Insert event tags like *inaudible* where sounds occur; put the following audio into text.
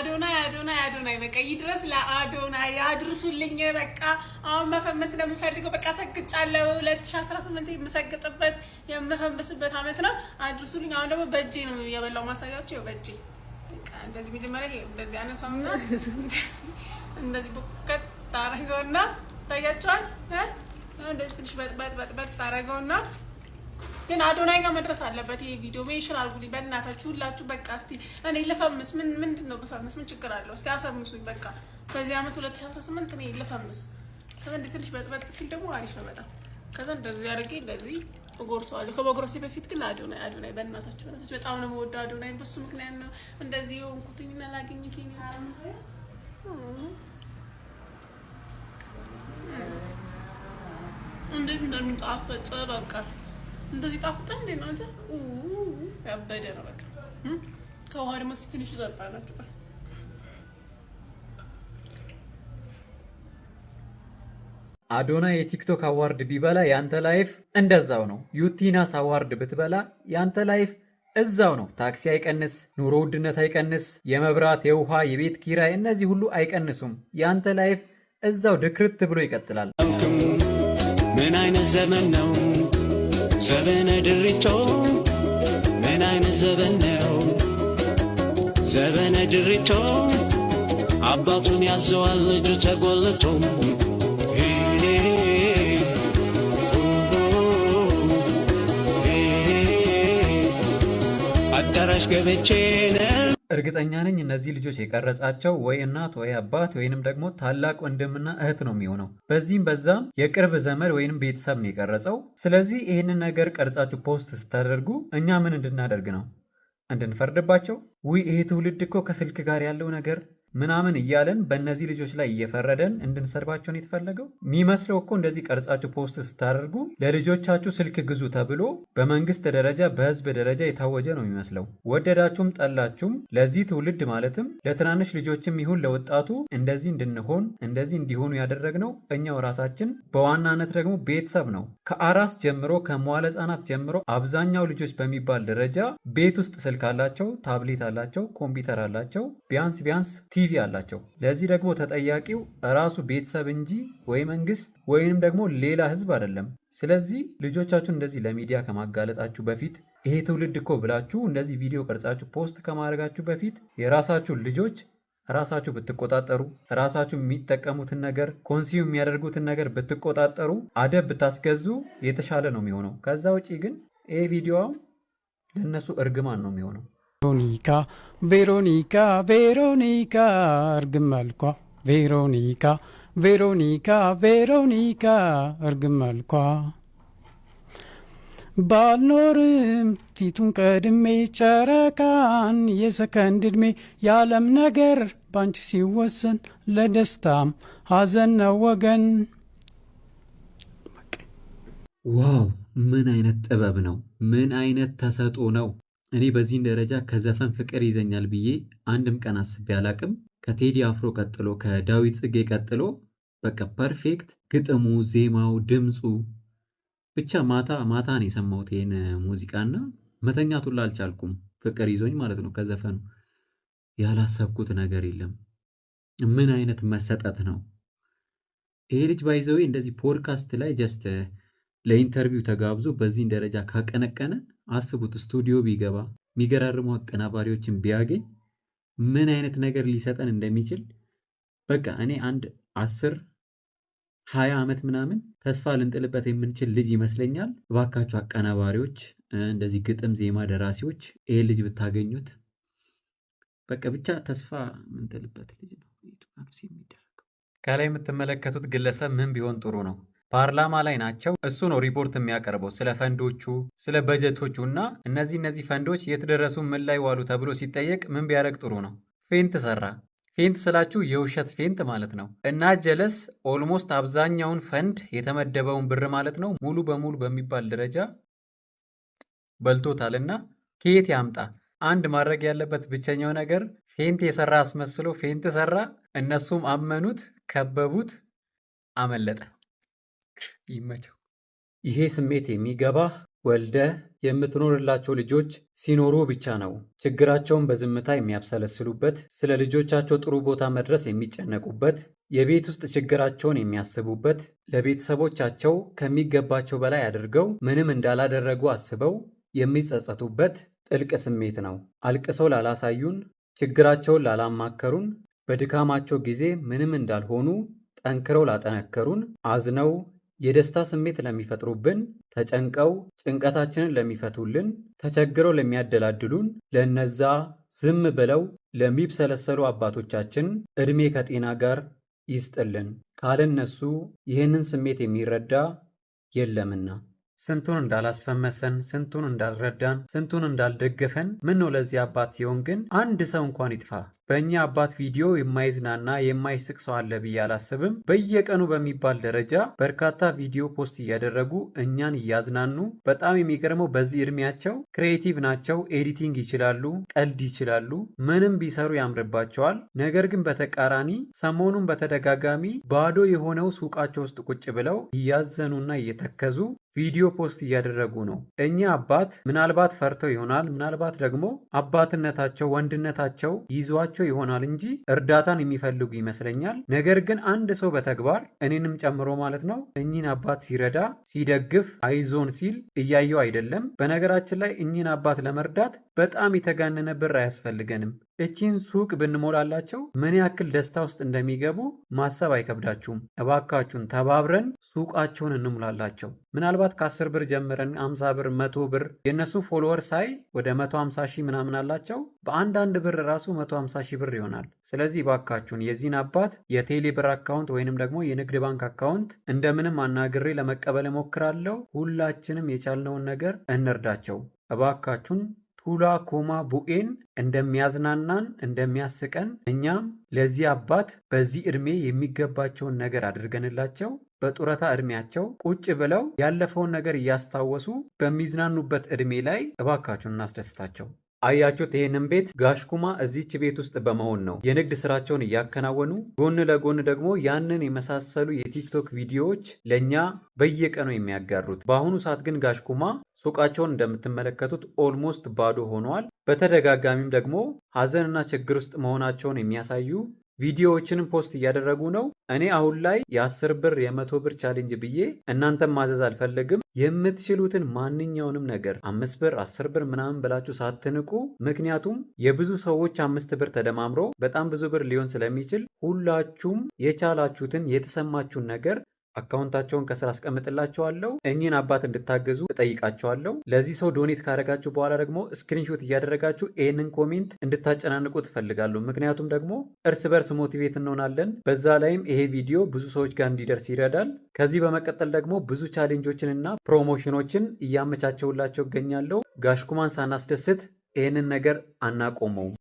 አዶናይ አዶናይ አዶናይ በቃ ይድረስ ለአዶናይ ያድርሱልኝ። በቃ አሁን መፈመስ ለምፈልገው በቃ ሰግጫለሁ። 2018 የምሰግጥበት የምፈመስበት አመት ነው። አድርሱልኝ። አሁን ደግሞ በእጄ ነው የበላው። ማሳያቸው በእጄ እንደዚህ መጀመሪያ ይሄ እንደዚህ አነሳውና *laughs* እንደዚህ ቡቀት ታረገውና ታያቸዋል። እንደዚህ ትንሽ በጥበጥ በጥበጥ ታረገውና ግን አዶናይ ጋር መድረስ አለበት ይሄ ቪዲዮ። ሜንሽን አድርጉልኝ በእናታችሁ ሁላችሁ። በቃ እስቲ እኔ ልፈምስ። ምን ምንድን ነው ብፈምስ ምን ችግር አለው? እስቲ አፈምሱኝ በቃ። በዚህ አመት 2018 እኔ ልፈምስ። ከዛ እንደ ትንሽ በጥበጥ ሲል ደግሞ አሪፍ ነው በጣም። ከዛ እንደዚህ አድርጌ እንደዚህ እጎርሰዋለሁ። ከመጉረሴ በፊት ግን አዶናይ አዶናይ በእናታችሁ ሆነች። በጣም ነው የምወደው አዶናይ። በሱ ምክንያት ነው እንደዚህ የሆንኩትኝ እና ላገኝ ኬኛ እንዴት እንደሚጣፈጥ በቃ እንደዚህ ጣፍጠ እንዴ ነው ያበደ ነው በቃ ከውሃ ደግሞ ትንሽ ጠጣላችሁ አዶና የቲክቶክ አዋርድ ቢበላ ያንተ ላይፍ እንደዛው ነው ዩቲናስ አዋርድ ብትበላ ያንተ ላይፍ እዛው ነው ታክሲ አይቀንስ ኑሮ ውድነት አይቀንስ የመብራት የውሃ የቤት ኪራይ እነዚህ ሁሉ አይቀንሱም ያንተ ላይፍ እዛው ድክርት ብሎ ይቀጥላል ምን አይነት ዘመን ነው ዘበነ ድሪጮ ምን አይነት ዘበን ነው? ዘበነ ድሪጮ አባቱን ያዘዋል ልጁ ተጎልቶ አዳራሽ ገብቼ ነው እርግጠኛ ነኝ እነዚህ ልጆች የቀረጻቸው ወይ እናት ወይ አባት ወይንም ደግሞ ታላቅ ወንድምና እህት ነው የሚሆነው። በዚህም በዛም የቅርብ ዘመድ ወይንም ቤተሰብ ነው የቀረጸው። ስለዚህ ይህንን ነገር ቀርጻችሁ ፖስት ስታደርጉ እኛ ምን እንድናደርግ ነው? እንድንፈርድባቸው? ውይ ይሄ ትውልድ እኮ ከስልክ ጋር ያለው ነገር ምናምን እያለን በእነዚህ ልጆች ላይ እየፈረደን እንድንሰድባቸውን የተፈለገው የሚመስለው እኮ እንደዚህ ቀርጻችሁ ፖስት ስታደርጉ ለልጆቻችሁ ስልክ ግዙ ተብሎ በመንግስት ደረጃ በህዝብ ደረጃ የታወጀ ነው የሚመስለው። ወደዳችሁም ጠላችሁም ለዚህ ትውልድ ማለትም ለትናንሽ ልጆችም ይሁን ለወጣቱ እንደዚህ እንድንሆን እንደዚህ እንዲሆኑ ያደረግነው እኛው ራሳችን በዋናነት ደግሞ ቤተሰብ ነው። ከአራስ ጀምሮ ከመዋለ ህጻናት ጀምሮ አብዛኛው ልጆች በሚባል ደረጃ ቤት ውስጥ ስልክ አላቸው፣ ታብሌት አላቸው፣ ኮምፒውተር አላቸው ቢያንስ ቢያንስ ቲቪ አላቸው። ለዚህ ደግሞ ተጠያቂው ራሱ ቤተሰብ እንጂ ወይ መንግስት ወይንም ደግሞ ሌላ ህዝብ አይደለም። ስለዚህ ልጆቻችሁን እንደዚህ ለሚዲያ ከማጋለጣችሁ በፊት ይሄ ትውልድ እኮ ብላችሁ እንደዚህ ቪዲዮ ቀርጻችሁ ፖስት ከማድረጋችሁ በፊት የራሳችሁን ልጆች ራሳችሁ ብትቆጣጠሩ ራሳችሁ የሚጠቀሙትን ነገር ኮንሲዩም የሚያደርጉትን ነገር ብትቆጣጠሩ አደብ ብታስገዙ የተሻለ ነው የሚሆነው። ከዛ ውጪ ግን ይሄ ቪዲዮ ለእነሱ እርግማን ነው የሚሆነው። ቬሮኒካ ቬሮኒካ ቬሮኒካ እርግብ መልኳ ቬሮኒካ ቬሮኒካ ቬሮኒካ እርግብ መልኳ ባልኖርም ፊቱን ቀድሜ ጨረቃን የሰከንድ ዕድሜ የዓለም ነገር ባንቺ ሲወሰን ለደስታም ሐዘን ነው ወገን። ዋው! ምን አይነት ጥበብ ነው! ምን አይነት ተሰጦ ነው! እኔ በዚህን ደረጃ ከዘፈን ፍቅር ይዘኛል ብዬ አንድም ቀን አስቤ አላቅም። ከቴዲ አፍሮ ቀጥሎ ከዳዊት ጽጌ ቀጥሎ በቃ ፐርፌክት ግጥሙ፣ ዜማው፣ ድምፁ ብቻ ማታ ማታ ነው የሰማሁት ይህን ሙዚቃ መተኛት ሁላ አልቻልኩም። ፍቅር ይዞኝ ማለት ነው ከዘፈኑ። ያላሰብኩት ነገር የለም። ምን አይነት መሰጠት ነው ይሄ ልጅ ባይዘዌ። እንደዚህ ፖድካስት ላይ ጀስት ለኢንተርቪው ተጋብዞ በዚህን ደረጃ ካቀነቀነ አስቡት ስቱዲዮ ቢገባ የሚገራርሙ አቀናባሪዎችን ቢያገኝ ምን አይነት ነገር ሊሰጠን እንደሚችል በቃ እኔ አንድ አስር ሀያ ዓመት ምናምን ተስፋ ልንጥልበት የምንችል ልጅ ይመስለኛል። እባካችሁ አቀናባሪዎች፣ እንደዚህ ግጥም ዜማ ደራሲዎች ይሄ ልጅ ብታገኙት በቃ ብቻ ተስፋ ምንጥልበት ልጅ ነው። ከላይ የምትመለከቱት ግለሰብ ምን ቢሆን ጥሩ ነው? ፓርላማ ላይ ናቸው። እሱ ነው ሪፖርት የሚያቀርበው ስለ ፈንዶቹ፣ ስለ በጀቶቹ እና እነዚህ እነዚህ ፈንዶች የት ደረሱ፣ ምን ላይ ዋሉ ተብሎ ሲጠየቅ ምን ቢያደረግ ጥሩ ነው? ፌንት ሰራ። ፌንት ስላችሁ የውሸት ፌንት ማለት ነው። እና ጀለስ ኦልሞስት አብዛኛውን ፈንድ የተመደበውን ብር ማለት ነው ሙሉ በሙሉ በሚባል ደረጃ እና ከየት ያምጣ? አንድ ማድረግ ያለበት ብቸኛው ነገር ፌንት የሰራ አስመስሎ ፌንት ሰራ። እነሱም አመኑት፣ ከበቡት፣ አመለጠ። ይመቸው። ይሄ ስሜት የሚገባህ ወልደህ የምትኖርላቸው ልጆች ሲኖሩ ብቻ ነው። ችግራቸውን በዝምታ የሚያብሰለስሉበት፣ ስለ ልጆቻቸው ጥሩ ቦታ መድረስ የሚጨነቁበት፣ የቤት ውስጥ ችግራቸውን የሚያስቡበት፣ ለቤተሰቦቻቸው ከሚገባቸው በላይ አድርገው ምንም እንዳላደረጉ አስበው የሚጸጸቱበት ጥልቅ ስሜት ነው። አልቅሰው ላላሳዩን፣ ችግራቸውን ላላማከሩን፣ በድካማቸው ጊዜ ምንም እንዳልሆኑ ጠንክረው ላጠነከሩን፣ አዝነው የደስታ ስሜት ለሚፈጥሩብን፣ ተጨንቀው ጭንቀታችንን ለሚፈቱልን፣ ተቸግረው ለሚያደላድሉን፣ ለነዛ ዝም ብለው ለሚብሰለሰሉ አባቶቻችን ዕድሜ ከጤና ጋር ይስጥልን። ካለነሱ ይህንን ስሜት የሚረዳ የለምና። ስንቱን እንዳላስፈመሰን፣ ስንቱን እንዳልረዳን፣ ስንቱን እንዳልደገፈን፣ ምን ነው ለዚህ አባት ሲሆን ግን አንድ ሰው እንኳን ይጥፋ በእኛ አባት ቪዲዮ የማይዝናና የማይስቅ ሰው አለ ብዬ አላስብም። በየቀኑ በሚባል ደረጃ በርካታ ቪዲዮ ፖስት እያደረጉ እኛን እያዝናኑ፣ በጣም የሚገርመው በዚህ እድሜያቸው ክሬቲቭ ናቸው። ኤዲቲንግ ይችላሉ፣ ቀልድ ይችላሉ፣ ምንም ቢሰሩ ያምርባቸዋል። ነገር ግን በተቃራኒ ሰሞኑን በተደጋጋሚ ባዶ የሆነው ሱቃቸው ውስጥ ቁጭ ብለው እያዘኑና እየተከዙ ቪዲዮ ፖስት እያደረጉ ነው። እኛ አባት ምናልባት ፈርተው ይሆናል፣ ምናልባት ደግሞ አባትነታቸው ወንድነታቸው ይዟቸው ያላቸው ይሆናል እንጂ እርዳታን የሚፈልጉ ይመስለኛል። ነገር ግን አንድ ሰው በተግባር እኔንም ጨምሮ ማለት ነው እኚህን አባት ሲረዳ፣ ሲደግፍ፣ አይዞን ሲል እያየው አይደለም። በነገራችን ላይ እኚህን አባት ለመርዳት በጣም የተጋነነ ብር አያስፈልገንም። እቺን ሱቅ ብንሞላላቸው ምን ያክል ደስታ ውስጥ እንደሚገቡ ማሰብ አይከብዳችሁም። እባካችሁን ተባብረን ሱቃቸውን እንሙላላቸው። ምናልባት ከአስር ብር ጀምረን አምሳ ብር፣ መቶ ብር የእነሱ ፎሎወር ሳይ ወደ መቶ ሀምሳ ሺህ ምናምን አላቸው። በአንዳንድ ብር ራሱ መቶ ሀምሳ ሺህ ብር ይሆናል። ስለዚህ ባካችሁን የዚህን አባት የቴሌ ብር አካውንት ወይንም ደግሞ የንግድ ባንክ አካውንት እንደምንም አናግሬ ለመቀበል እሞክራለሁ። ሁላችንም የቻልነውን ነገር እንርዳቸው እባካችሁን። ቱላ ኮማ ቡኤን እንደሚያዝናናን እንደሚያስቀን እኛም ለዚህ አባት በዚህ ዕድሜ የሚገባቸውን ነገር አድርገንላቸው በጡረታ ዕድሜያቸው ቁጭ ብለው ያለፈውን ነገር እያስታወሱ በሚዝናኑበት ዕድሜ ላይ እባካችሁን እናስደስታቸው። አያችሁት? ይህንን ቤት ጋሽኩማ እዚች ቤት ውስጥ በመሆን ነው የንግድ ስራቸውን እያከናወኑ፣ ጎን ለጎን ደግሞ ያንን የመሳሰሉ የቲክቶክ ቪዲዮዎች ለእኛ በየቀኑ የሚያጋሩት። በአሁኑ ሰዓት ግን ጋሽኩማ ሱቃቸውን እንደምትመለከቱት ኦልሞስት ባዶ ሆኗል። በተደጋጋሚም ደግሞ ሀዘንና ችግር ውስጥ መሆናቸውን የሚያሳዩ ቪዲዮዎችንም ፖስት እያደረጉ ነው። እኔ አሁን ላይ የአስር ብር የመቶ ብር ቻሌንጅ ብዬ እናንተም ማዘዝ አልፈልግም። የምትችሉትን ማንኛውንም ነገር አምስት ብር አስር ብር ምናምን ብላችሁ ሳትንቁ፣ ምክንያቱም የብዙ ሰዎች አምስት ብር ተደማምሮ በጣም ብዙ ብር ሊሆን ስለሚችል ሁላችሁም የቻላችሁትን የተሰማችሁን ነገር አካውንታቸውን ከስር አስቀምጥላቸዋለሁ። እኚህን አባት እንድታገዙ እጠይቃቸዋለሁ። ለዚህ ሰው ዶኔት ካደረጋችሁ በኋላ ደግሞ ስክሪንሾት እያደረጋችሁ ይህንን ኮሜንት እንድታጨናንቁ ትፈልጋለሁ። ምክንያቱም ደግሞ እርስ በርስ ሞቲቬት እንሆናለን። በዛ ላይም ይሄ ቪዲዮ ብዙ ሰዎች ጋር እንዲደርስ ይረዳል። ከዚህ በመቀጠል ደግሞ ብዙ ቻሌንጆችንና ፕሮሞሽኖችን እያመቻቸውላቸው እገኛለሁ። ጋሽኩማን ሳናስደስት ይህንን ነገር አናቆመውም።